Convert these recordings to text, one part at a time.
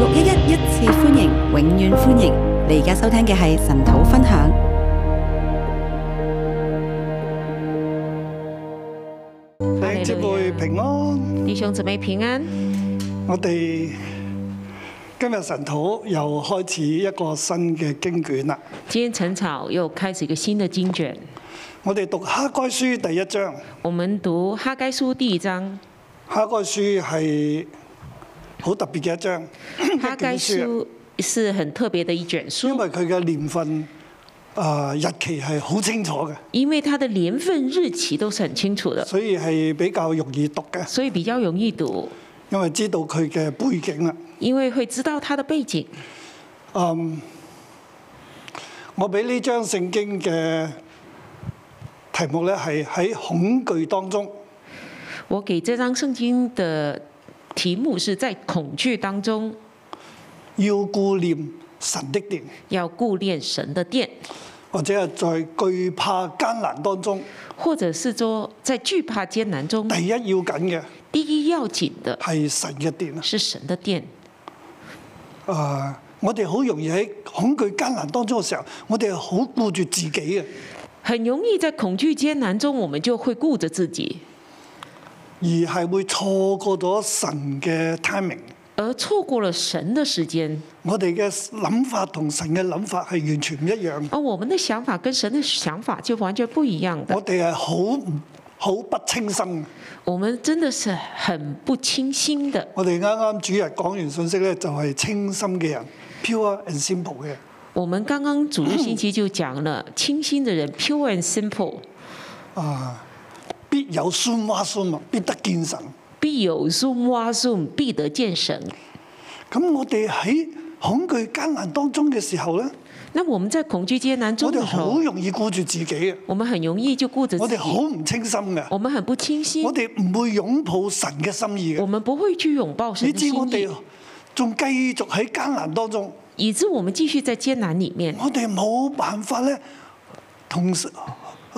六一一一次歡迎，永遠歡迎！你而家收聽嘅係晨禱分享。弟兄姊妹平安，弟兄姊妹平安。我哋今日晨禱又開始一個新嘅經卷啦。今日晨禱又開始一個新嘅經卷。我哋讀哈該書第一章，我們讀哈該書第二章。哈該書係。好特別嘅一張，哈該書是很特別的一卷書，因為佢嘅年份、呃、日期係好清楚嘅，因為它的年份日期都是很清楚的，所以係比較容易讀嘅，所以比較容易讀，因為知道佢嘅背景啦，因為會知道它的背景。背景 um, 我俾呢張聖經嘅題目呢，係喺恐懼當中，我給這張聖經的。題目是在恐懼當中，要顧念神的殿，要顧念神的殿，或者係在懼怕艱難當中，或者是說在懼怕艱難中，第一要緊嘅，第一要緊的係神嘅殿，是神的殿。誒、呃，我哋好容易喺恐懼艱難當中嘅時候，我哋好顧住自己嘅，很容易在恐懼艱難中，我們就會顧着自己。而係會錯過咗神嘅 timing，而錯過了神嘅時間。我哋嘅諗法同神嘅諗法係完全唔一樣。哦，我們的想法跟神嘅想，想，想法就完全不一樣的。我哋係好好不清心，我們真的是很不清心的。我哋啱啱主日講完信息咧，就係清心嘅人，pure and simple 嘅。我們剛剛主日星期就講了清心嘅人，pure and simple。啊。 必有孫娃孫，必得見神；必有孫娃孫，必得見神。咁我哋喺恐懼艱難當中嘅時候咧，那我們在恐懼艱難中，我哋好容易顧住自己嘅，我們很容易就顧住，我哋好唔清心嘅，我們很不清晰，我哋唔會擁抱神嘅心意嘅，我們不會去擁抱神，你知我哋仲繼續喺艱難當中，以致我們繼續在艱難裏面，我哋冇辦法咧，同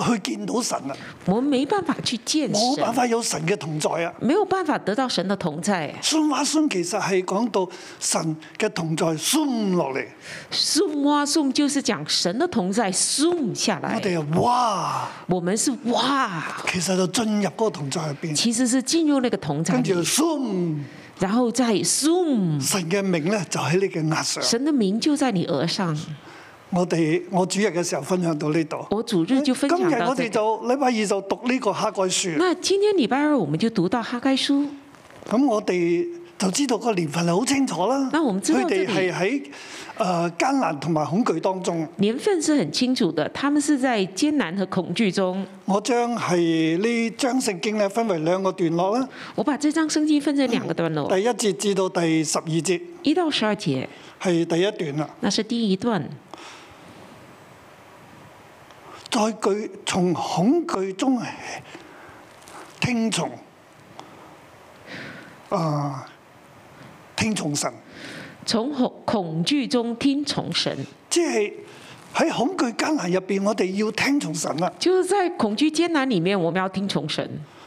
去見到神啊！我沒辦法去見神。冇辦法有神嘅同在啊！沒有辦法得到神的同在啊。送啊送，其實係講到神嘅同在送落嚟。送啊送，就是講神的同在送下來。我哋係哇！我們是哇！其實就進入嗰個同在入邊。其實是進入那個同在，跟住就送，然後, zoom, 然後再送。神嘅名咧，就喺你嘅額上。神嘅名就在你額上。我哋我主日嘅時候分享到呢度。我主日就分享到。今日我哋就禮拜二就讀呢個哈該書。那今天禮拜二，我們就讀到哈該書。咁我哋就知道個年份係好清楚啦。那我們知道，佢哋係喺誒艱難同埋恐懼當中。年份是很清楚的，他們是在艱難和恐懼中。我將係呢章聖經咧，分為兩個段落啦。我把這章聖經分成兩個段落。第一節至到第十二節。一到十二節係第一段啦。那是第一段。再懼從恐懼中聽從，啊，聽從神，從恐恐懼中聽從神，即係喺恐懼艱難入邊，我哋要聽從神啦！就是在恐懼艱難裏面，我們要聽從神,、就是、神。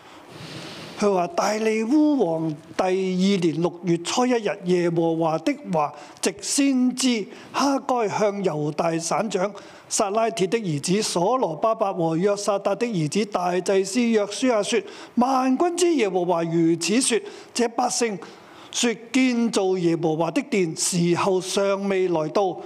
佢話大利烏王第二年六月初一日，耶和華的話直先知哈該向猶大省長撒拉鐵的兒子所羅巴伯，伯和約撒達的兒子大祭司約書亞、啊、說：萬軍之耶和華如此說：這百姓說建造耶和華的殿時候尚未來到。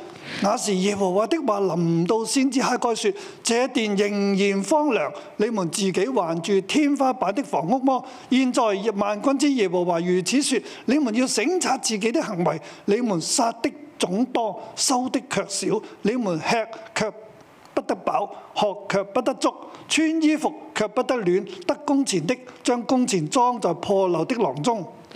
那時耶和華的話臨到先知哈該說：這殿仍然荒涼，你們自己還住天花板的房屋嗎？現在萬軍之耶和華如此說：你們要省察自己的行為，你們殺的種多，收的卻少；你們吃卻不得飽，喝卻不得足，穿衣服卻不得暖。得工錢的將工錢裝在破漏的囊中。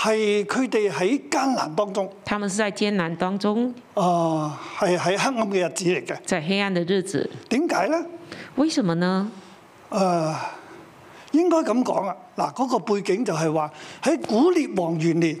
係佢哋喺艱難當中，他們是在艱難當中。啊、呃，係喺黑暗嘅日子嚟嘅，在黑暗的日子。點解呢？為什麼呢？誒、呃，應該咁講啊！嗱、呃，嗰、那個背景就係話喺古列王元年，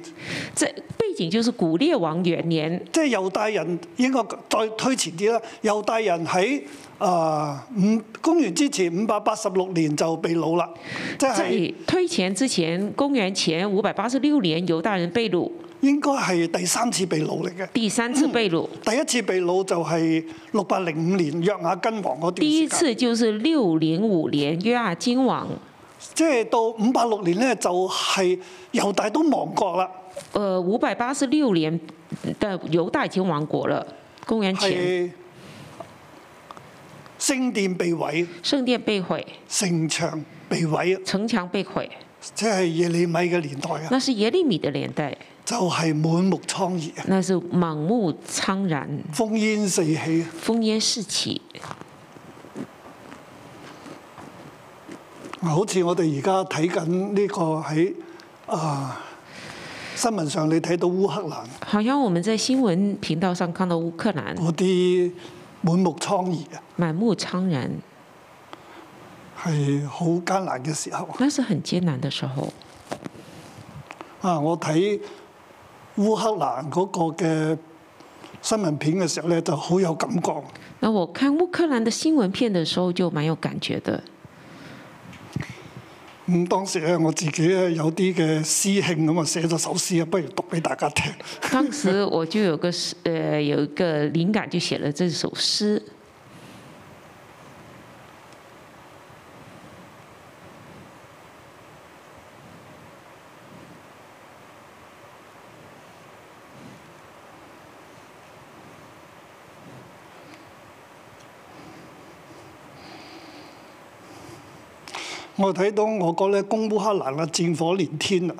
即係背景就是古列王元年，即係猶大人應該再推前啲啦，猶大人喺。啊、呃！五公元之前五百八十六年就被擄啦。即係推前之前，公元前五百八十六年，猶大人被擄。應該係第三次被擄嚟嘅。第三次被擄，嗯。第一次被擄就係六百零五年約亞根王嗰段時間。第一次就是六零五年約亞根王。即係到五百六年呢，就係、是、猶大都亡國啦。誒、呃，五百八十六年的猶大已經亡國了，公元前。聖殿被毀，聖殿被毀，城牆被毀，城牆被毀，即、就、係、是、耶利米嘅年代啊！那是耶利米嘅年代，就係、是、滿目瘡痍啊！那是滿目蒼然，烽煙四起，烽煙四起。好似我哋而家睇緊呢個喺啊新聞上你睇到烏克蘭，好像我們在新聞頻道上看到烏克蘭，啲。滿目瘡痍啊！滿目蒼然，係好艱難嘅時候。那是很艱難嘅時候。啊，我睇烏克蘭嗰個嘅新聞片嘅時候咧，就好有感覺。那我看烏克蘭嘅新聞片嘅時候，就蠻有感覺的。咁當時咧，我自己咧有啲嘅詩興咁啊，寫咗首詩啊，不如讀俾大家聽。當時我就有個誒、 呃、有一個靈感，就寫了這首詩。我睇到俄國咧攻烏克蘭啊，戰火連天啊！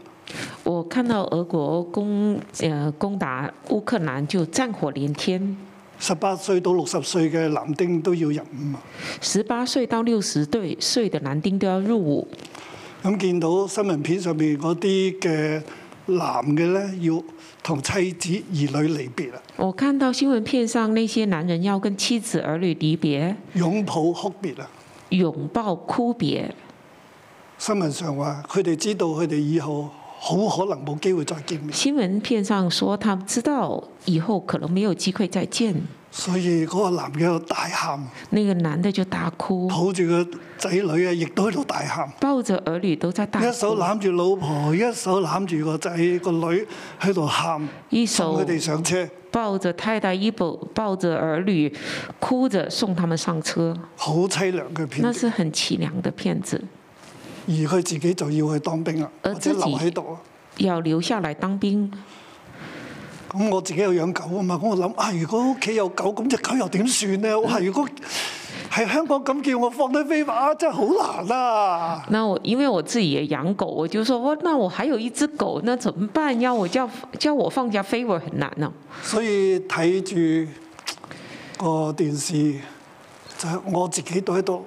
我看到俄國攻誒攻打烏克蘭，就戰火連天。十八歲到六十歲嘅男丁都要入伍啊！十八歲到六十對歲嘅男丁都要入伍。咁見到新聞片上面嗰啲嘅男嘅咧，要同妻子兒女離別啊！我看到新聞片上那些男人要跟妻子兒女離別，擁抱哭別啦！擁抱哭別。新聞上話佢哋知道佢哋以後好可能冇機會再見面。新聞片上說，他知道以後可能沒有機會再見。所以嗰個男嘅喺度大喊，那個男的就大哭，抱住個仔女啊，亦都喺度大喊，抱着兒女都在大哭，一手攬住老婆，一手攬住個仔個女喺度喊，送佢哋上車，抱着太太一手，抱着兒女哭，兒女哭着送他們上車，好淒涼嘅片，那是很淒涼的片子。而佢自己就要去當兵啦，即係留喺度。要留下嚟當兵。咁我自己有養狗啊嘛，咁我諗啊，如果屋企有狗，咁隻狗又點算呢？我、啊、係如果喺香港咁叫我放低飛馬，真係好難啊！因為我自己也養狗，我就說我，那我還有一隻狗，那怎麼辦？要我叫叫我放下飛馬，很難咯、啊。所以睇住個電視，就是、我自己都喺度。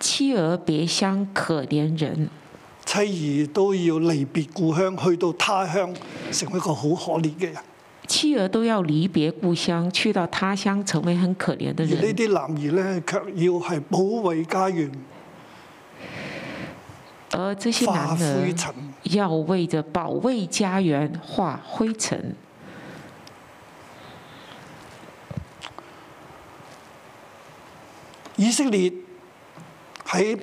妻兒別鄉可憐人，妻兒都要離別故鄉，去到他鄉，成為一個好可憐嘅人。妻兒都要離別故鄉，去到他鄉，成為很可憐嘅人。而呢啲男兒呢，卻要係保衛家園，而這些男兒要為着保衛家園化灰塵。以色列。喺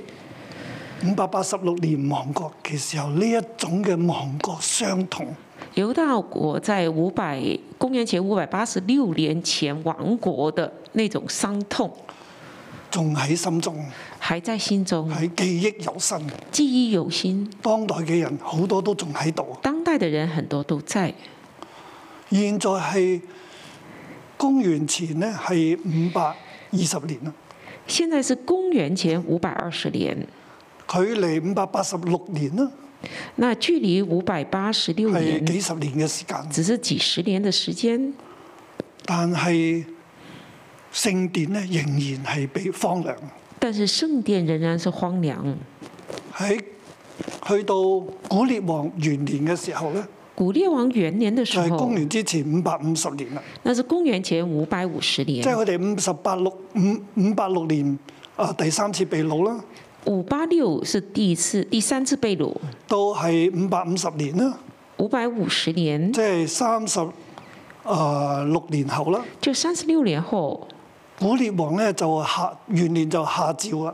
五百八十六年亡國嘅時候，呢一種嘅亡國傷痛。猶大國在五百公元前五百八十六年前亡國的那種傷痛，仲喺心中，還在心中，喺記憶猶新，記憶猶新。當代嘅人好多都仲喺度，當代的人很多都在。現在係公元前呢，係五百二十年啦。現在是公元前五百二十年，距離五百八十六年呢？那距離五百八十六年，係幾十年嘅時間，只是幾十年嘅時間。但係聖殿呢，仍然係被荒涼。但是聖殿仍然是荒涼。喺去到古列王元年嘅時候咧。古列王元年嘅時候，係、就是、公元之前五百五十年啦。那是公元前五百五十年。即係佢哋五十八六五五八六年啊、呃，第三次被擄啦。五八六是第一次、第三次被擄。都係五百五十年啦。五百五十年。即係三十啊六年後啦。就三十六年後，古列王咧就下元年就下詔啦。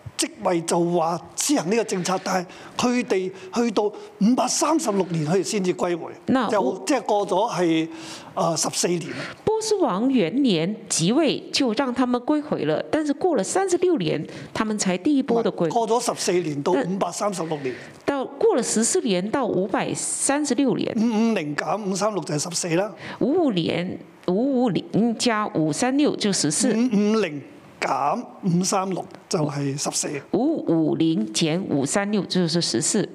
即位就話施行呢個政策？但係佢哋去到五百三十六年，佢哋先至歸回。5，就即係過咗係誒十四年。波斯王元年即位就讓他們歸回了，但是過了三十六年，他們才第一波的歸回。過咗十四年到五百三十六年。到過了十四年到五百三十六年。五五零減五三六就係十四啦。五五年五五零加五三六就十四。五五零。減五三六就係十四。五五零減五三六就是十四。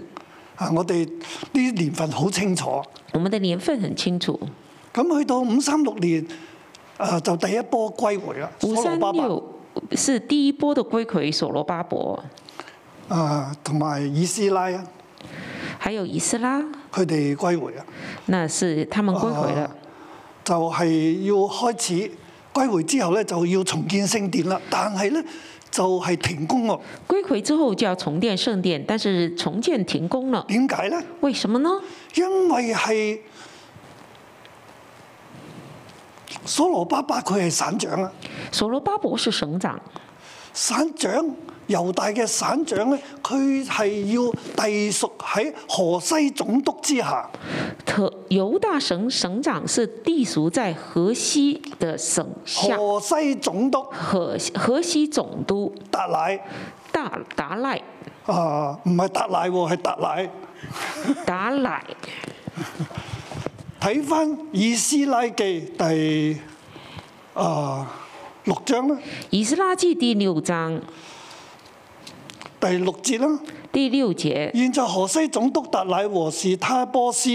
啊，我哋呢年份好清楚。我們的年份很清楚。咁去到五三六年，啊，就第一波歸回啦。五三六是第一波的歸回，所羅巴伯啊，同埋以斯拉。還有以斯拉。佢哋歸回啊。那是他們歸回了、啊。就係、是、要開始。歸回之後咧，就要重建聖殿啦，但係咧就係停工喎。歸回之後就要重建聖殿，但是重建停工了。點解咧？為什麼呢？因為係所羅巴巴佢係省長啊！所羅巴伯是省長，省長。猶大嘅省長咧，佢係要隸屬喺河西總督之下。猶大省省長是隸屬在河西嘅省下。河西總督。河河西總督。達賴。大、啊、達賴。啊，唔係達賴喎，係達賴。達賴。睇翻《以斯拉記》第啊六章啦。《以斯拉記》第六章。第六節啦。第六節。現在河西總督達乃和示他波斯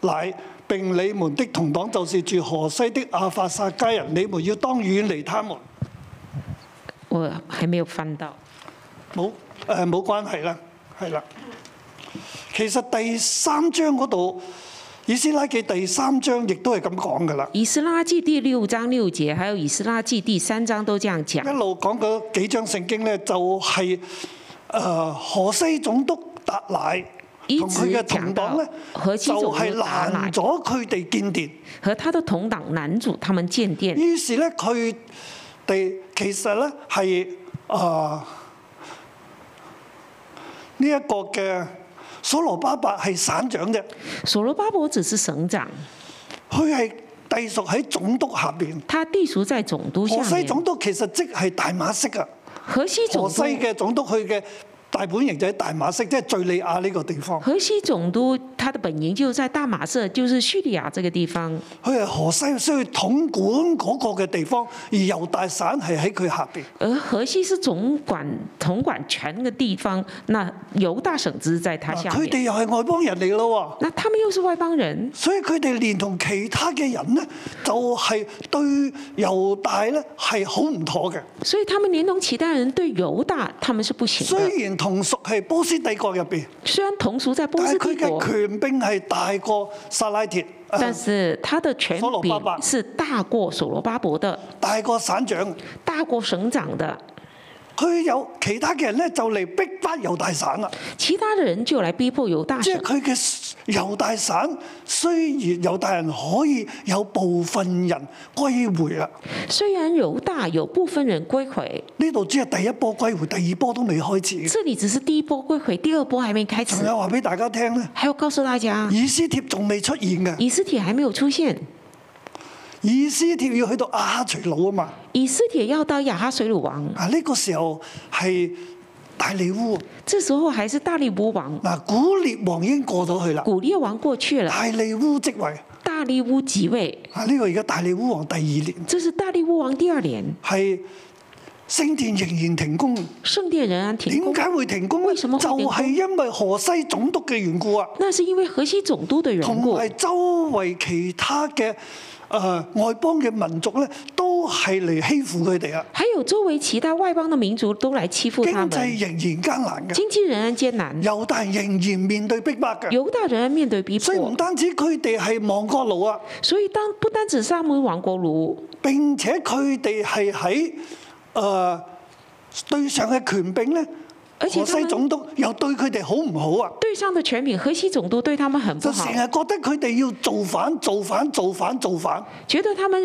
乃，並你們的同黨，就是住河西的亞法薩迦人，你們要當遠離他們。我係未有翻到。冇誒，冇、呃、關係啦。係啦。其實第三章嗰度《以斯拉記》第三章亦都係咁講噶啦。《以斯拉記》第六章六節，還有《以斯拉記》第三章都這樣講。一路講嗰幾章聖經呢，就係、是。誒、呃，河西總督達賴同佢嘅同黨咧，就係、是、攔咗佢哋建殿，和他的同黨攔住他們建殿。於是咧，佢哋其實咧係誒呢一、呃這個嘅所羅巴伯係省長啫。所羅巴伯只是省長，佢係隸屬喺總督下邊。他隸屬在總督下面。河西總督其實即係大馬色噶。河西總督去嘅大本營就喺大馬色，即係敍利亞呢個地方。河西總督他的本營就在大馬色，就是敍利亞這個地方。佢係河西需要統管嗰個嘅地方，而猶大省係喺佢下邊。而河西是總管統管全個地方，那猶大省是在他下面。佢哋又係外邦人嚟咯。那他們又是外邦人，所以佢哋連同其他嘅人呢，就係、是、對猶大呢係好唔妥嘅。所以他們連同其他人對猶大，他們是不行。雖然同屬係波斯帝國入邊，雖然同屬在波斯帝國，佢嘅權柄係大過薩拉鐵，但是他的權柄是大過索羅巴，巴伯的，大過省長，大過省長的。佢有其他嘅人咧，就嚟逼迫猶大省啦。其他嘅人就嚟逼迫猶大省。即係佢嘅猶大省，雖然猶大人可以有部分人歸回啦。雖然猶大有部分人歸回，呢度只係第一波歸回，第二波都未開始。這裡只是第一波歸回，第二波還未開始。仲有話俾大家聽咧，還要告訴大家，以斯帖仲未出現嘅。以斯帖還沒有出現。以斯帖要去到亞哈隨魯啊嘛。以斯帖要到亞哈水魯王啊！呢、這個時候係大利烏。這時候還是大利烏王。嗱、啊，古列王已經過咗去啦。古列王過去了。大利烏即位。大利烏即位。啊，呢、這個而家大利烏王第二年。這是大利烏王第二年。係聖殿仍然停工。聖殿仍然停工。點解會停工？為什麼就係、是、因為河西總督嘅緣故啊。那是因為河西總督嘅緣故。同周圍其他嘅。誒、呃、外邦嘅民族咧，都係嚟欺負佢哋啊！還有周圍其他外邦嘅民族都嚟欺負佢哋。經濟仍然艱難嘅。經濟仍然艱難。猶大人仍然面對逼迫嘅。猶大人仍然面對逼迫。所以唔單止佢哋係亡國奴啊！所以當不單止三妹亡國奴，並且佢哋係喺誒對上嘅權柄咧。河西總督又對佢哋好唔好啊？對上的全柄，河西總督對他們很不好。就成日覺得佢哋要造反、造反、造反、造反，覺得他們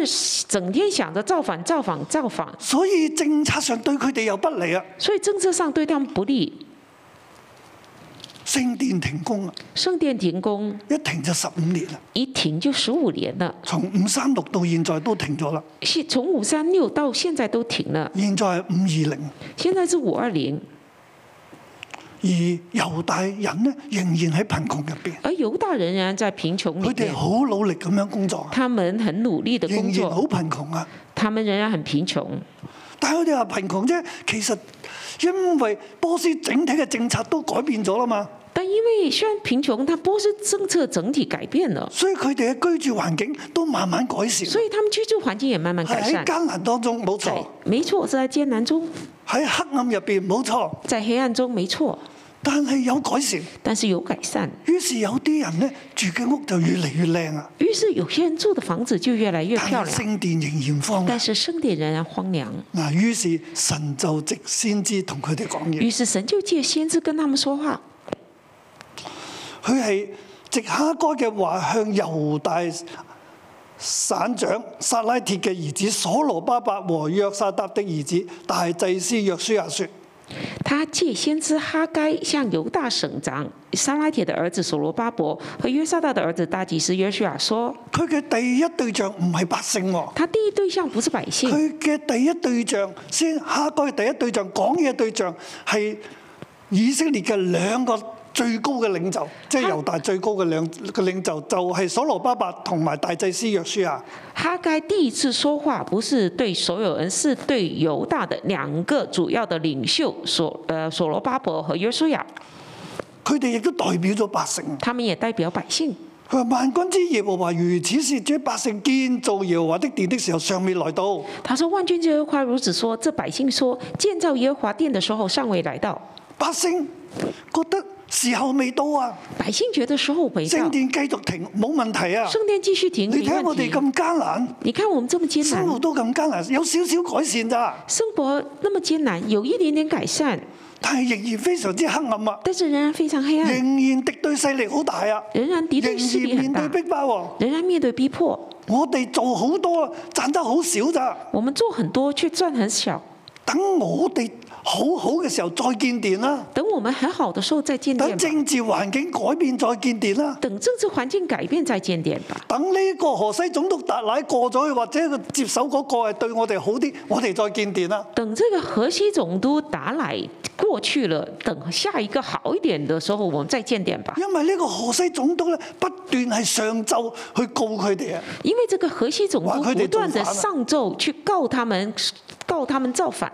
整天想着造反、造反、造反。所以政策上對佢哋又不利啊！所以政策上對他們不利。聖殿停工啊！聖殿停工，一停就十五年啦！一停就十五年啦！從五三六到現在都停咗啦！從五三六到現在都停了，現在五二零。現在是五二零。而猶大人呢，仍然喺貧窮入邊。而猶大人仍然在貧窮入邊。佢哋好努力咁樣工作。他們很努力的工作。好貧窮啊！他們仍然很貧窮。但係佢哋話貧窮啫，其實因為波斯整體嘅政策都改變咗啦嘛。但因為雖然貧窮，但波斯政策整體改變咗，所以佢哋嘅居住環境都慢慢改善。所以他們居住環境也慢慢改善。喺艱難當中，冇錯。冇錯，喺艱難中。喺黑暗入邊，冇錯。在黑暗中，冇錯。但係有改善，但是有改善。於是有啲人呢，住嘅屋就越嚟越靚啊！於是有些人住嘅房子就越嚟越漂亮。聖殿，聖殿仍然荒，但是聖殿仍然荒涼。嗱，於是神就藉先知同佢哋講嘢。於是神就藉先知跟他們說話。佢係藉哈該嘅話向猶大省長撒拉鐵嘅兒子所羅巴伯和約沙達的兒子大祭司約書亞說。他借先知哈街向猶大省長撒拉鐵的兒子所羅巴伯和約沙大的兒子大祭司約書亞說：佢嘅第一對象唔係百姓，哦、他，第他，第他，第百姓，他第一對象不是百姓。佢嘅第一對象，先哈該第一對象講嘢對象係以色列嘅兩個。最高嘅領袖，即係猶大最高嘅領個領袖，就係、是、所羅巴伯同埋大祭司約書亞。哈該第一次說話，不是對所有人，是對猶大的兩個主要嘅領袖，所呃所羅巴伯和約書亞。佢哋亦都代表咗百姓。他們也代表百姓。佢話：萬軍之耶和華如此說，這百姓建造耶和華的殿的時候尚未來到。他說，萬軍之耶和華如此說，這百姓說建造耶和華殿的時候尚未來到。百姓覺得。時候未到啊！百姓覺得時候未到。聖殿繼續停冇問題啊！聖殿繼續停，你睇我哋咁艱難。你看我們這麼艱難。生活都咁艱難，有少少改善咋？生活那麼艱難，有一點點改善。但係仍然非常之黑暗啊！但是仍然非常黑暗啊。仍然敵對勢力好大啊！仍然敵對勢力很大。仍然面對逼迫喎！仍然面對逼迫。我哋做好多，賺得好少咋？我們做很多，卻賺很少。等我哋。好好嘅時候再見電啦！等我們很好的時候再見電。等政治環境改變再見電啦。等政治環境改變再見電吧。等呢個河西總督達賴過咗去，或者接手嗰個係對我哋好啲，我哋再見電啦。等這個河西總督達賴過，過去了，等下一個好一點的時候，我們再見電吧。因為呢個河西總督咧不斷係上奏去告佢哋啊。因為這個河西總督不斷的上奏去告他們，告他們，他們，告他們造反。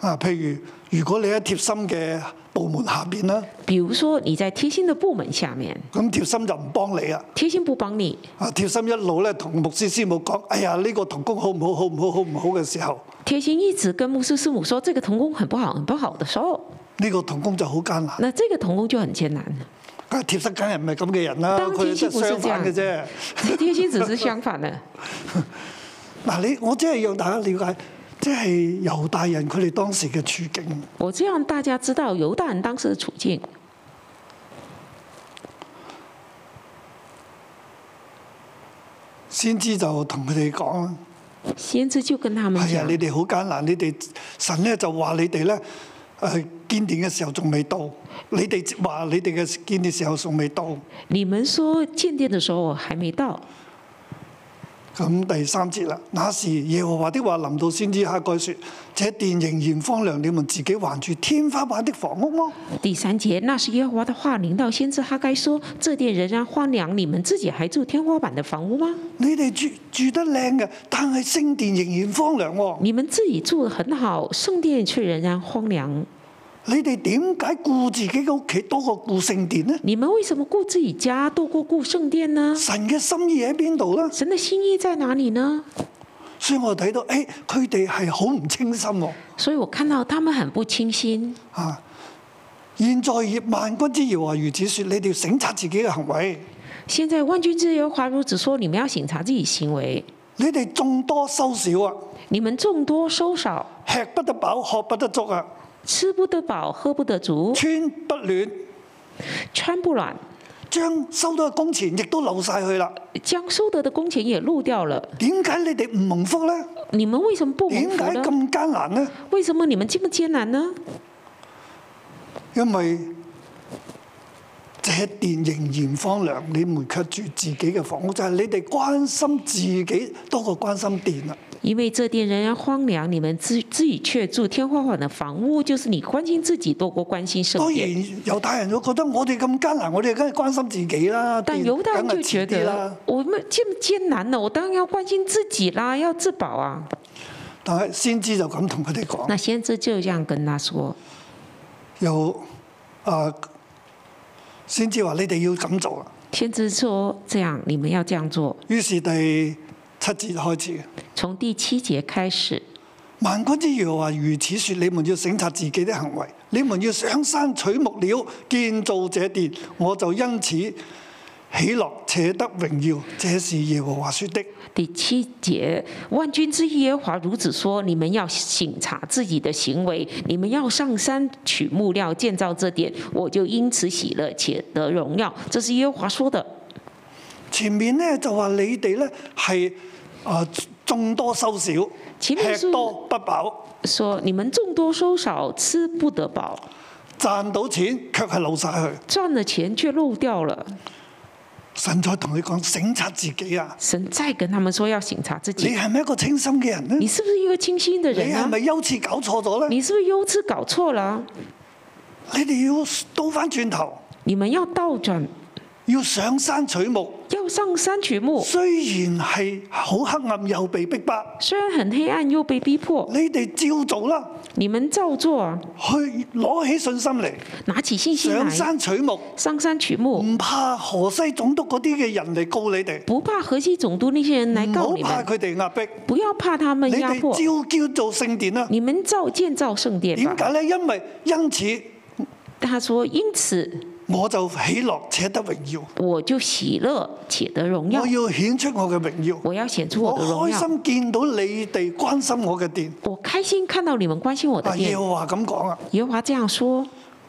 啊，譬如如果你喺貼心嘅部門下面啦，譬如說你在貼心嘅部門下面，咁貼心就唔幫你啊。貼心不幫你。啊，貼心一路咧同牧師師母講，哎呀呢個同工好唔好，好唔好，好唔好嘅時候，貼心一直跟牧師師母說這個同工很不好，很不好的時候，呢個同工就好艱難。那這個同工就很艱難。啊，貼心梗係唔係咁嘅人啦？但係貼心不是這樣嘅啫，貼心，樣 貼心只是相反啦。嗱、 啊，你我真係要大家了解。即係猶大人佢哋當時嘅處境。我即係讓大家知道猶大人當時嘅處境，先知就同佢哋講。先知就跟他們。係、哎、啊，你哋好艱難，你哋神咧就話你哋咧，誒、啊，見定嘅時候仲未到，你哋話你哋嘅見定時候仲未到。你們說見定嘅時候還未到。咁第三節啦，那時耶和華的話臨到先知哈該説：這殿仍然荒涼，你們自己還住天花板的房屋麼、哦？第三節，那時耶和華的話臨到先知哈該說：這殿仍然荒涼，你們自己還住天花板的房屋嗎？你哋住住得靚嘅，但係聖殿仍然荒涼喎。你們自己住得很好，聖殿卻仍然荒涼。你哋點解顧自己嘅屋企多過顧聖殿呢？你們為什麼顧自己家多過顧聖殿呢？神嘅心意喺邊度呢？神嘅心意在哪裏呢？所以我睇到，哎，佢哋係好唔清心喎。所以我看到他們很不清心。啊！現在以萬軍之耶和華啊，如此說，你哋要省察自己嘅行為。現在萬軍之耶和華如此說，你們要省察自己行為。你哋眾多收少啊？你們眾多收少、啊，吃不得飽，喝不得足啊！吃不得飽，喝不得足，穿不暖，穿不暖，將收到嘅工錢亦都漏晒去啦，將收得的工錢也漏掉了。點解你哋唔蒙福咧？你們為什麼不蒙福呢？點解咁艱難呢？為什麼你們這麼艱難呢？因為，這電仍然荒涼，你們卻住自己嘅房屋，就係、是、你哋關心自己多過關心電啦。因為這地仍然荒涼，你們自自己卻住天花板的房屋，就是你關心自己多過關心聖殿。當然猶太人會覺得我哋咁艱難，我哋梗係關心自己啦。但猶太人就覺得我們咁艱難呢，我當然要關心自己啦，要自保啊。但係先知就咁同佢哋講。那先知就這樣跟他說，有，啊，先知話你哋要咁做啦。先知說：這樣，這樣你們要這樣做。於是第七節開始，從第七節開始。萬軍之耶和華如此說：你們要省察自己的行為，你們要上山取木料建造這殿，我就因此喜樂且得榮耀。這是耶和華說的。第七節，萬軍之耶和華如此說：你們要省察自己的行為，你們要上山取木料建造這點，我就因此喜樂且得榮耀。這是耶和華說的。前面呢，就話你哋呢係。啊、呃，眾多收少，吃多不飽。說你們眾多收少，吃不得飽。賺到錢卻係漏晒去。賺了錢卻漏掉了。神再同你講省察自己啊！神再跟他們說要省察自己。你係咪一個清心嘅人呢？你是不是一個清心的人？你係咪優次搞錯咗咧？你是不是優次搞錯啦？你哋要倒翻轉頭。你們要倒轉。要上山取木，要上山取木。雖然係好黑暗，又被逼迫。雖然很黑暗，又被逼迫。你哋照做啦。你們照做。去攞起信心嚟，拿起信心。上山取木，上山取木。唔怕河西總督嗰啲嘅人嚟告你哋。唔怕河西總督呢啲人嚟告你吧。唔怕佢哋壓迫。唔要怕他們壓迫。你哋照叫做聖殿啦。你們照建造聖殿。點解咧？因為因此，他說因此。我就喜樂且得榮耀，我就喜樂且得榮耀。我要顯出我嘅榮耀，我要顯出我的榮耀。我開心見到你哋關心我嘅店，我開心看到你們關心我嘅店。有話咁講啊，有話這，這樣說：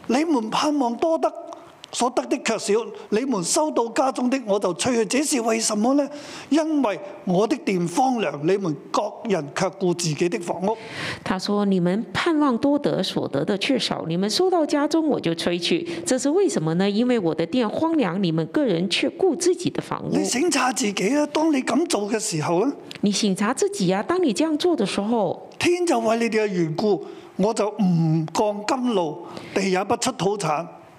你們盼望多得。所得的卻少，你們收到家中的我就吹去，這是為什麼呢？因為我的殿荒涼，你們各人卻顧自己的房屋。他說：你們盼望多得，所得的卻少；你們收到家中，我就吹去，這是為什麼呢？因為我的殿荒涼，你們個人卻顧自己的房屋。你省察自己啦、啊，當你咁做嘅時候，你省察自己呀、啊，當你這樣做嘅時候，天就為你哋嘅緣故，我就唔降甘露，地也不出土產。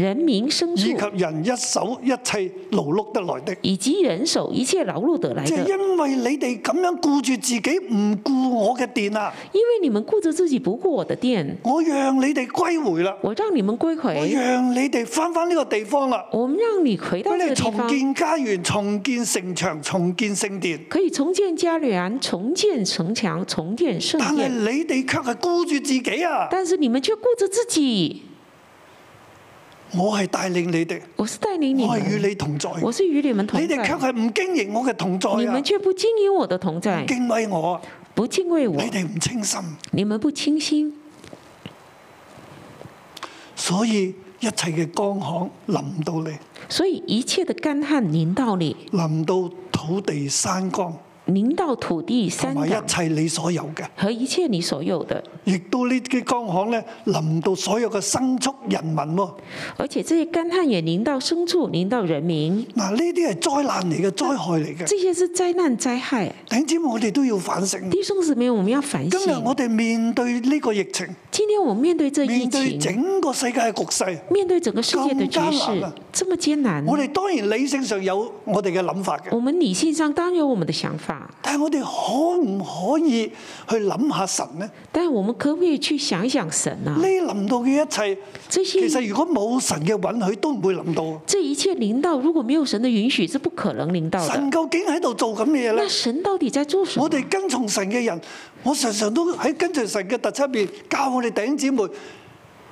人民生計以及人一手一切勞碌得來的，以及人手一切勞碌得來的，即係因為你哋咁樣顧住自己，唔顧我嘅殿啊！因為你們顧住自己不顧我的殿，我讓你哋歸回啦！我讓你們歸回，我讓你哋翻翻呢個地方啦！我們讓你回到呢個地方，我哋重建家園、重建城牆、重建聖殿，可以重建家園、重建城牆、重建聖殿，但係你哋卻係顧住自己啊！但是你們卻顧住自己。我係帶領你哋。我是帶領你們，我係與你同在，我是與你們同在。你哋卻係唔經營我嘅同在、啊，你們卻不經營我嘅同在、啊。唔敬畏我，不敬畏我，你哋唔清心，你們不清心。所以一切嘅乾旱臨到你，所以一切嘅乾旱臨到你，臨到土地山崗。淋到土地三等，一切你所有嘅，和一切你所有嘅。亦都呢啲江行咧淋到所有嘅牲畜人民喎。而且這些乾旱也淋到牲畜，淋到人民。嗱，呢啲係災難嚟嘅，災害嚟嘅。這些是災難災害。頂尖，我哋都要反省。地藏子，邊，我們要反省。今日我哋面對呢個疫情，今天我面對這疫情，整個世界嘅局勢，面對整個世界嘅局勢，更加難啊，這麼艱難。我哋當然理性上有我哋嘅諗法嘅。我們理性上當然有我們嘅想法。但係我哋可唔可以去諗下神呢？但係我們可唔可以去想一想神啊？你諗到嘅一切，其實如果冇神嘅允許，都唔會諗到。啊。即係這一切領到如果沒有神嘅允許，是不可能領到。神究竟喺度做緊咩咧？神到底在做什麼？我哋跟從神嘅人，我常常都喺跟隨神嘅特輯入面教我哋弟兄姊妹。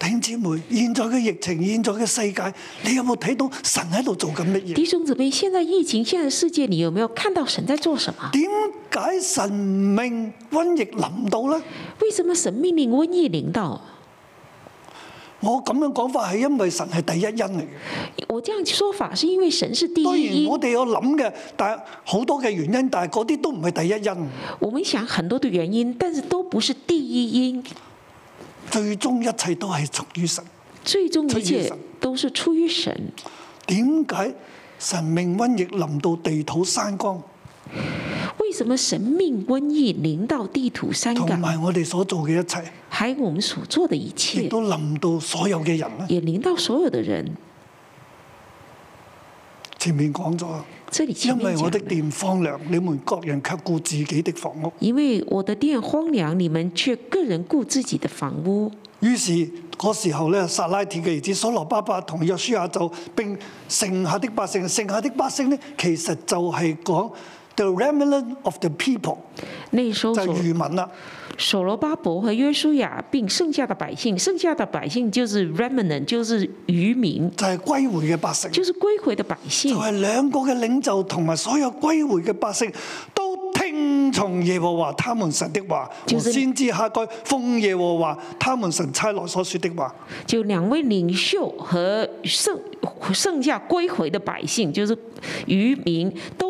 弟兄姊妹，現在嘅疫情，現在嘅世界，你有冇睇到神喺度做緊乜嘢？弟兄姊妹，現在疫情，現在世界，你有沒有看到神在做什麼？點解神命瘟疫臨到呢？為什麼神命令瘟疫臨到？我咁樣講法係因為神係第一因嚟。我這樣說法係因為神是第一因。當然，我哋有諗嘅，但係好多嘅原因，但係嗰啲都唔係第一因。我們想很多的原因，但是都不是第一因。最終一切都係出於神。最終一切都是出於神。點解神命瘟疫臨到地土山崗？為什麼神命瘟疫臨到地土山崗？同埋我哋所做嘅一切，還我們所做的一切，都臨到所有嘅人咧，也臨到所有的人。前面講咗。因為我嘅殿荒涼，你們各人卻顧自己的房屋。因為我嘅殿荒涼，你們卻個人顧自己的房屋。於是嗰時候咧，撒拉鐵嘅兒子所羅巴伯同約書亞就並剩下的百姓，剩下的百姓呢，其實就係講 the remnant of the people，就係餘民啦。所羅巴伯和約書亞，並剩下的百姓，剩下的百姓就是 remnant，就是餘民，就係歸回嘅百姓，就是歸回的百姓，就係、是、兩個嘅領袖同埋所有歸回嘅百姓，就是、百姓都聽從耶和華他們神的話，就是、先知哈該奉耶和華他們神差來所說的話，就兩位領袖和剩剩下歸回嘅百姓，就是餘民都。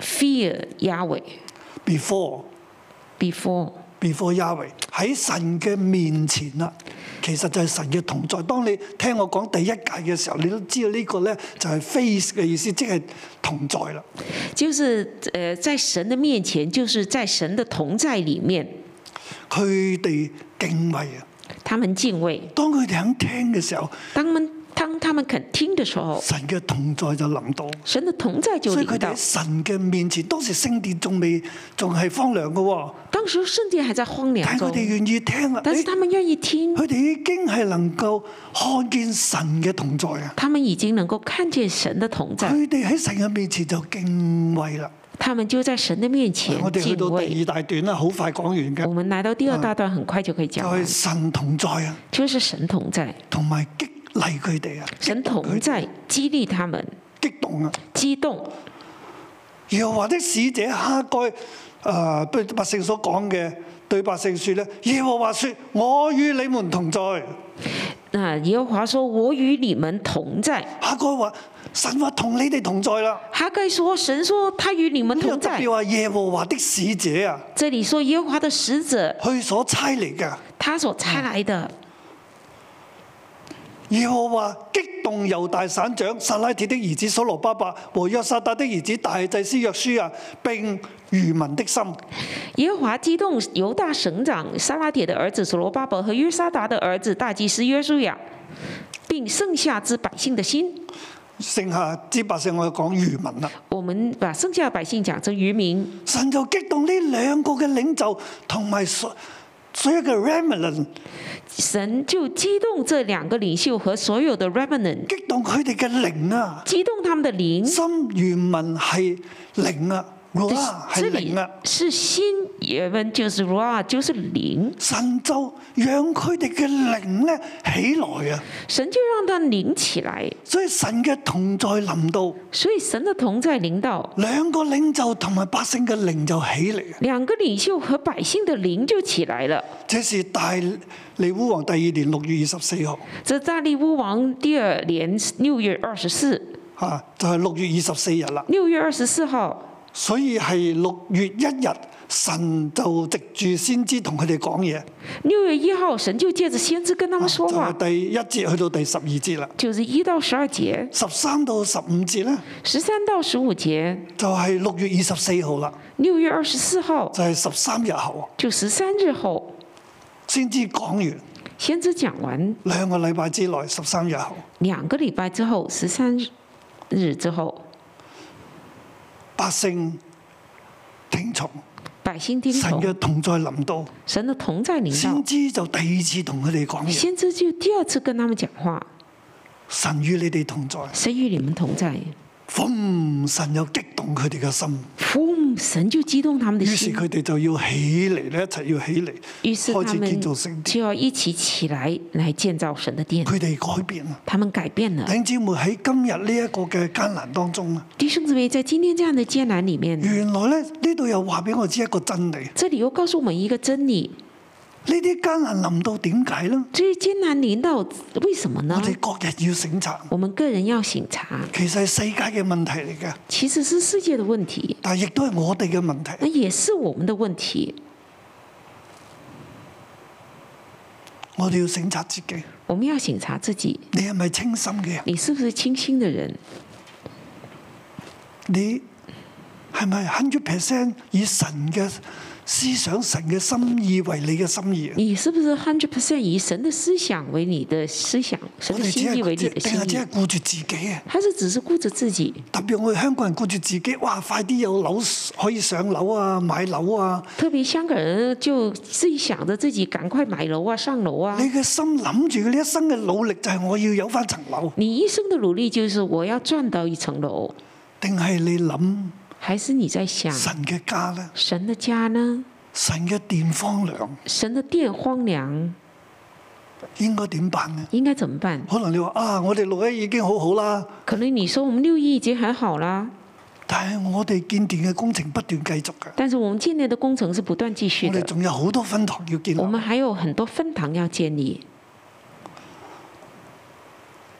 Fear Yahweh before, before, before Yahweh 喺神嘅面前啦，其實就係神嘅同在。當你聽我講第一屆嘅時候，你都知道呢個咧就係 face 嘅意思，即、就、係、是、同在啦。就是誒，在神嘅面前，就是在神嘅同在裏面，佢哋敬畏啊。他們敬畏。當佢哋肯聽嘅時候，當當他們肯聽的時候，神嘅同在就臨到。神的同在就臨到。所以佢哋喺神嘅面前，當時聖殿仲未仲係荒涼嘅。當時聖殿還在荒涼。但係佢哋願意聽啊！但是他們願意聽。佢哋已經係能夠看見神嘅同在啊！他們已經能夠看見神的同在。佢哋喺神嘅面前就敬畏啦。他們就在神嘅面前敬畏。我哋去到第二大段啦，好快講完嘅。我們來到第二大段，很快就可以講。就係神同在啊！就是神同在，就是、同埋激。嚟佢哋啊！神同在，激勵他們。激動啊！激動！耶和華的使者哈該，啊，對百姓所講嘅，對百姓說咧，耶和華說：我與你們同在。啊，耶和華說：我與你們同在。哈該話：神話同你哋同在啦。哈該說：神說他與你們同在。又不話耶和華的使者啊！即係你說耶和華的使者，去所差嚟噶，他所差來的。耶和華激動猶大省長撒拉鐵的兒子索羅巴，巴伯和約沙達的兒子大祭司約書亞，並愚民的心。耶和華激動猶大省長撒拉鐵的兒子索羅巴伯和約沙達的兒子大祭司約書亞，並剩下之百姓的心。剩下之百姓，我講愚民啦。我們把剩下百姓講做愚民。神就激動呢兩個嘅領袖同埋所有嘅 remnant，神就激動這兩個領袖和所有的 remnant，激動佢哋嘅靈啊，激動他們的靈。心原文係靈啊。我啊係靈啊，是先也本就是我，就是靈。神就讓佢哋嘅靈呢起來啊！神就讓它靈起來。所以神嘅同在臨到，所以神嘅同在臨到，兩個領袖同埋百姓嘅靈就起來。兩個領袖和百姓嘅靈就起來了。這是大利烏王第二年六月二十四號。這大利烏王第二年六月二十四，吓就係六月二十四日啦。六月二十四號。所以係六月一日，神就藉住先知同佢哋講嘢。六月一號，神就藉住先知跟他們說話。就係、是、第一節去到第十二節啦。就係、是、一到十二節。十三到十五節啦。十三到十五節。就係、是、六月二十四號啦。六月二十四號。就係十三日後。就十三日後，先知講完。先知講完。兩個禮拜之內，十三日後。兩個禮拜之後，十三日之後。百姓聽從，神嘅同在臨到，神的同在臨到，先知就第二次同佢哋講話。先知就第二次跟他們講話，神與你哋同在，神與你們同在。奉神又激動佢哋嘅心，奉神就激動他們。於是佢哋就要起嚟咧，一齊要起嚟，於是開始建造聖殿。就要一起起來，嚟建造神嘅殿。佢哋改變啦，他們改變了。弟兄姊妹喺今日呢一個嘅艱難當中，弟兄姊妹在今天這樣嘅艱難裏面，原來咧呢度又話俾我知一個真理。這裏又告訴我們一個真理。呢啲艱難臨到，點解呢？最艱難臨到，為什麼呢？我哋各人要省察，我們個人要省察。其實係世界嘅問題嚟噶。其實是世界嘅問，問題。但亦都係我哋嘅問題。那也是我們嘅問題。我哋要省察自己。我們要省察自己。你係咪清心嘅？你是不是清心嘅人？你係咪100 percent 以神嘅？思想神嘅心意為你嘅心意。你是不是 hundred percent 以神嘅思想為你嘅思想？神嘅心意為你嘅心意？我哋只係顧住自己啊！佢係只係顧住自己。特別我哋香港人顧住自己，哇！快啲有樓可以上樓啊，買樓啊！特別香港人就自己想着自己，趕快買樓啊，上樓啊！你嘅心諗住嘅呢一生嘅努力就係我要有翻層樓。你一生嘅努力就是我要賺到一層樓。定係你諗？還是你在想神嘅家呢？神的家呢？神嘅殿荒涼。神的殿荒涼，應該點辦呢？應該怎麼辦？可能你話啊，我哋六一已經好好啦。可能你說我們六一已經很好啦，但係我哋建殿嘅工程不斷繼續嘅。但是我們建立的工程，不的是，的工程是不斷繼續的。我哋仲有好多分堂要建。我們還有很多分堂要建立。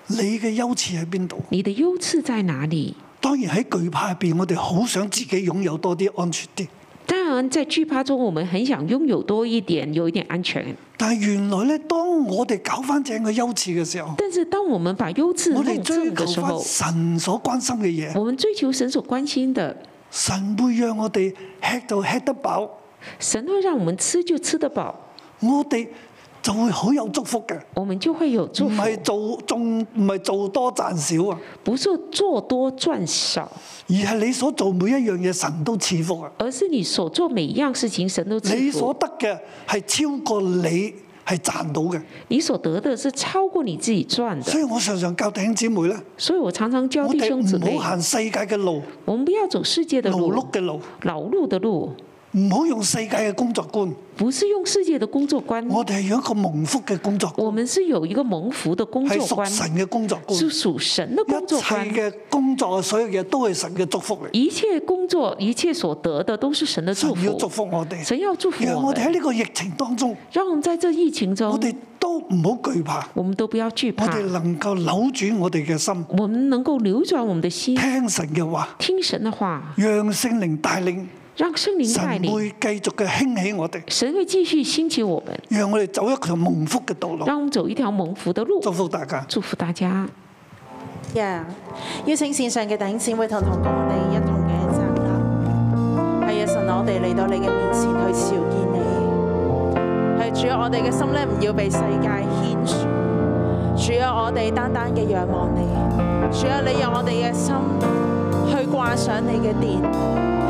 你嘅優次喺邊度？你的優次在哪裏？當然喺懼怕入邊，我哋好想自己擁有多啲安全啲。當然，在懼怕中，我們很想擁有多一點，有一點安全。但係原來咧，當我哋搞翻正個優次嘅時候，但是當我們把優次弄正嘅時候，我哋追求翻神所關心嘅嘢。我們追求神所關心的。神會讓我哋吃就吃得飽。神會讓我們吃就吃得飽。我哋。就會好有祝福嘅，我們就會有祝福。唔係做仲唔係做多賺少啊？不是做多賺少，而係你所做每一樣嘢，神都賜福啊！而是你所做每一樣事情，神都賜福、啊、你所得嘅係超過你係賺到嘅，你所得的是超過你自己賺的。所以我常常教弟兄姊妹咧，所以我常常教弟兄姊妹唔好行世界嘅路。我們不要走世界嘅路，老碌嘅路，老碌的路。路路的路路路的路唔好用世界嘅工作觀，唔係用世界嘅工作觀。我哋係有一個蒙福嘅工作，我們是有一個蒙福的工作，是屬神嘅工作觀，屬神嘅工作觀。一切嘅工作啊，所有嘢都係神嘅祝福嚟。一切工作，一切所得嘅，都係神嘅祝福。神要祝福我哋，神要祝福我哋。我哋喺呢個疫情當中，讓我們在這疫情中，我哋都唔好懼怕，我們都不要懼怕，我哋能夠扭轉我哋嘅心，我們能夠扭轉我們嘅心，心，聽神嘅話，聽神嘅話，讓聖靈帶領。讓聖靈帶領，神會繼續嘅興起我哋，神會繼續興起我們，讓我哋走一條蒙福嘅道路，讓我們走一條蒙福的路，祝福大家，祝福大家。耶！邀請線上嘅弟兄姊妹同同我哋一同嘅站立。係啊，神，我哋嚟到你嘅面前去朝見你。係主啊，我哋嘅心咧唔要被世界牽著，主啊，我哋單單嘅仰望你。主啊，你讓我哋嘅心，去掛上你嘅電，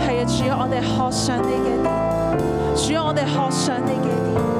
係啊！主啊，我哋學上你嘅電，主啊，我哋學上你嘅電。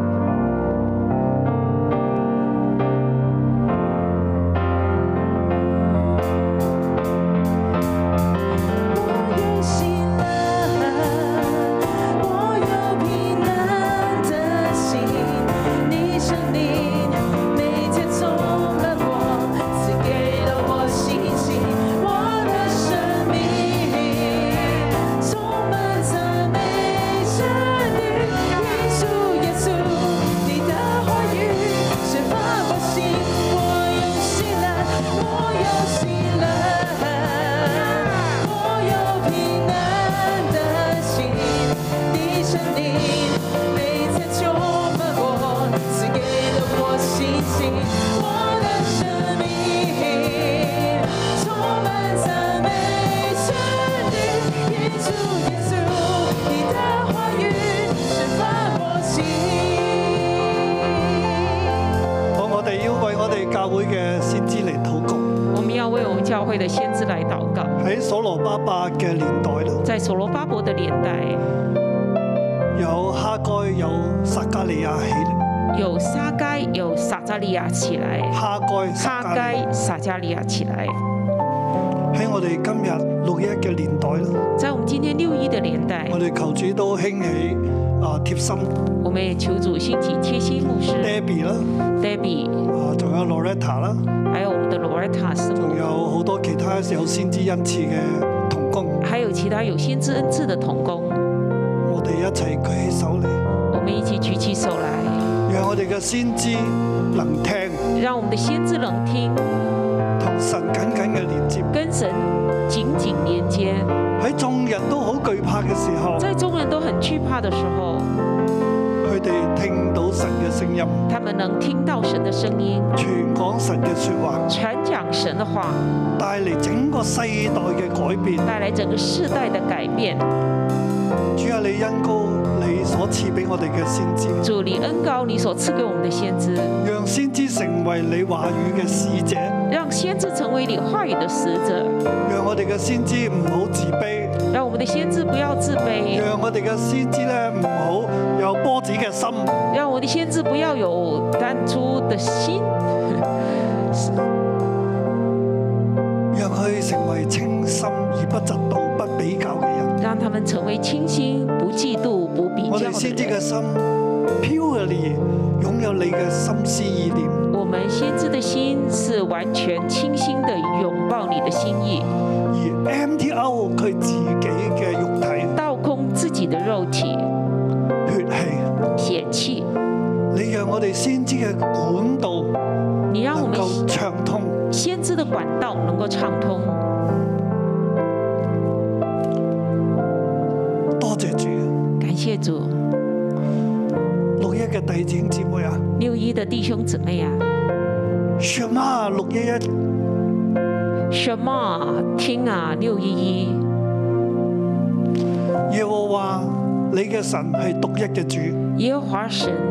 齊舉起手嚟，我們一起舉起手來，讓我哋嘅先知能聽，讓我們的先知能聽，同神緊緊嘅連接，跟神緊緊連接。喺眾人都好懼怕嘅時候，在眾人都很懼怕嘅時候，佢哋聽到神嘅聲音，他們能聽到神嘅聲音，傳講神嘅說話，傳講神嘅話，帶嚟整個世代嘅改變，帶嚟整個世代嘅改變。主啊，你恩膏。我賜俾我哋嘅先知，主你恩膏你所賜給我們的先知，讓先知成為你話語嘅使者，讓先知成為你話語嘅使者，讓我哋嘅先知唔好自卑，讓我哋嘅先知不要自卑，讓我哋嘅先知咧唔好有波子嘅心，讓我哋先知不要有貪圖嘅心，讓佢成為清心而不嫉妒、不比較嘅人，讓他們成為清心不，不，不嫉妒。無比，先知嘅心 purely 擁有你嘅心思意念。我們先知嘅心是完全清新的，擁抱你嘅心，心，心意。而 MTO 佢自己嘅肉體，倒空自己嘅肉體，血氣、血氣，你讓我哋先知嘅管道，你讓我們暢通，先知嘅管道能夠暢通。謝主，六一嘅弟兄姊妹啊，六一嘅弟兄姊妹啊，神啊，六一一，神啊，天啊，六一一，耶和華，你嘅神係獨一嘅主。耶和華神。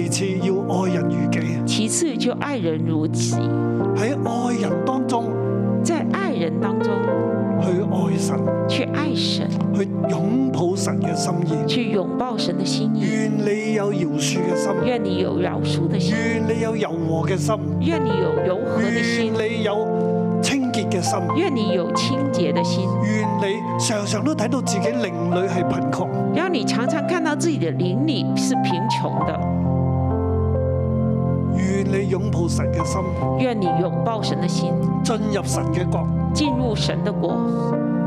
其次要愛人如己，其次就愛人如己。喺愛人當中，在愛人當中去愛神，去愛神，去擁抱神嘅心意，去擁抱神嘅心意。願你有饒恕嘅心，願你有饒恕嘅心，願你有柔和嘅心，願你有柔和的心，願你有清潔嘅心，願你有清潔嘅心。願，願，願，願你常常都睇到自己鄰里係貧窮，願你常常看到自己的鄰里是貧窮的。願你擁抱神嘅心，願你擁抱神嘅心，進入神嘅國，進入神的國。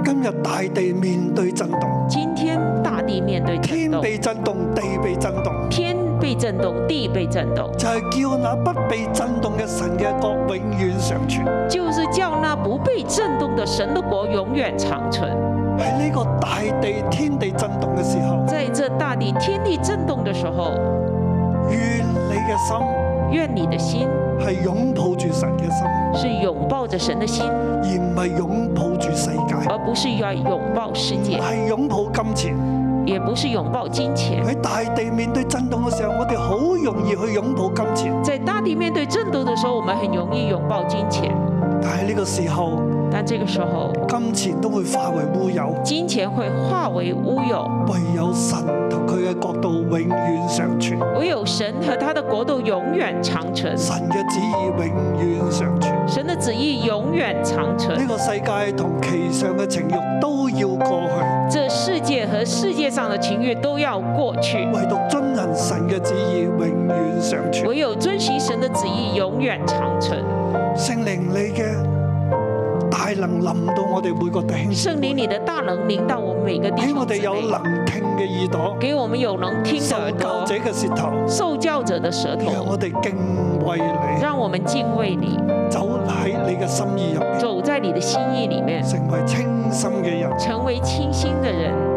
今日大地面對震動，今天大地面對震動，天被震動，地被震動，天被震動，地被震動，就係叫那不被震動嘅神嘅國永遠常存，就是叫那不被震動的神的國永遠常存。喺呢個大地天地震動嘅時候，在這大地天地震動嘅時候，願你嘅心。願你的心是擁抱住神的心，是擁抱着神的心，而唔係擁抱住世界，而不是要擁抱世界，係擁抱金錢，也不是擁抱金錢。喺大地面對震動嘅時候，我哋好容易去擁抱金錢。在大地面對震動的時候，我們很容易擁抱金錢。但喺呢個時候。但這個時候，金錢都會化為烏有。金錢會化為烏有。唯有神同佢嘅國度永遠長存。唯有神和他的國度永遠長存。神嘅旨意永遠長存。神的旨意永遠長存。呢個世界同其上嘅情欲都要過去。這世界和世界上嘅情欲都要過去。唯獨遵行神嘅旨意永遠長存。唯有遵行神嘅旨意永遠長存。聖靈你嘅。能臨到我哋每個弟兄。聖靈，你的大能臨到我們每個弟兄。俾我哋有能聽嘅耳朵。給我們有能聽的耳朵。受教者嘅舌頭。受教者的舌頭。讓我哋敬畏你。讓我們敬畏你。走喺你嘅心意入面。走在你的心意裏面。成為清心嘅人。成為清心的人。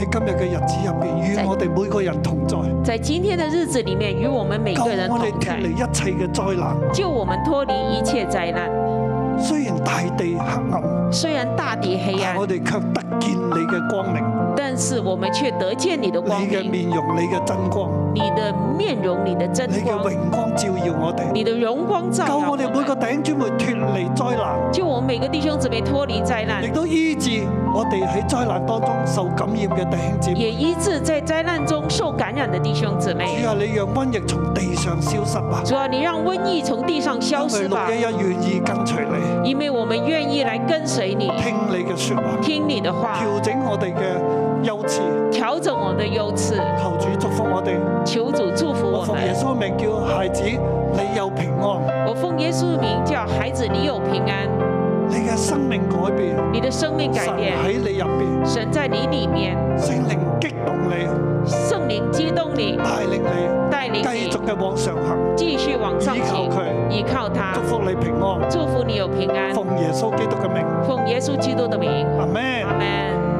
喺今日嘅日子入面，與我哋每個人同在。在今天的日子裏面，與我們每個人同在。我哋脫離一切嘅災難，救我們脫離一切災難。雖然大地黑暗，雖然大地黑暗，但我哋卻得見你嘅光明。但是我們卻得見你的光明。你嘅面容，你嘅真光。你的面容，你的真光你的榮光照耀我哋，你的榮光照耀我哋，救我哋每個頂珠咪脱離災難，就我們每個弟兄姊妹脱離災難，亦都醫治我哋喺災難當中受感染嘅弟兄姊妹，也醫治在災難中受感染嘅弟兄姊妹。主啊，你讓瘟疫從地上消失吧！主啊，你讓瘟疫從地上消失吧！因為一一願意跟隨你，因為我們願意來跟隨你，聽你嘅說話，聽你的話，調整我哋嘅。優次，調整我的優次。求主祝福我哋。求主祝福我。我奉耶穌名叫孩子，你有平安。我奉耶穌名叫孩子，你有平安。你嘅生命改變。你嘅生命改變。喺你入邊。神在你裏面。聖靈激動你。聖靈激動你。帶領你。帶領你。繼續嘅往上行。繼續往上行。依靠佢。依靠他。祝福你平安。祝福你有平安。奉耶穌基督嘅名。奉耶穌基督嘅名。阿門。阿門。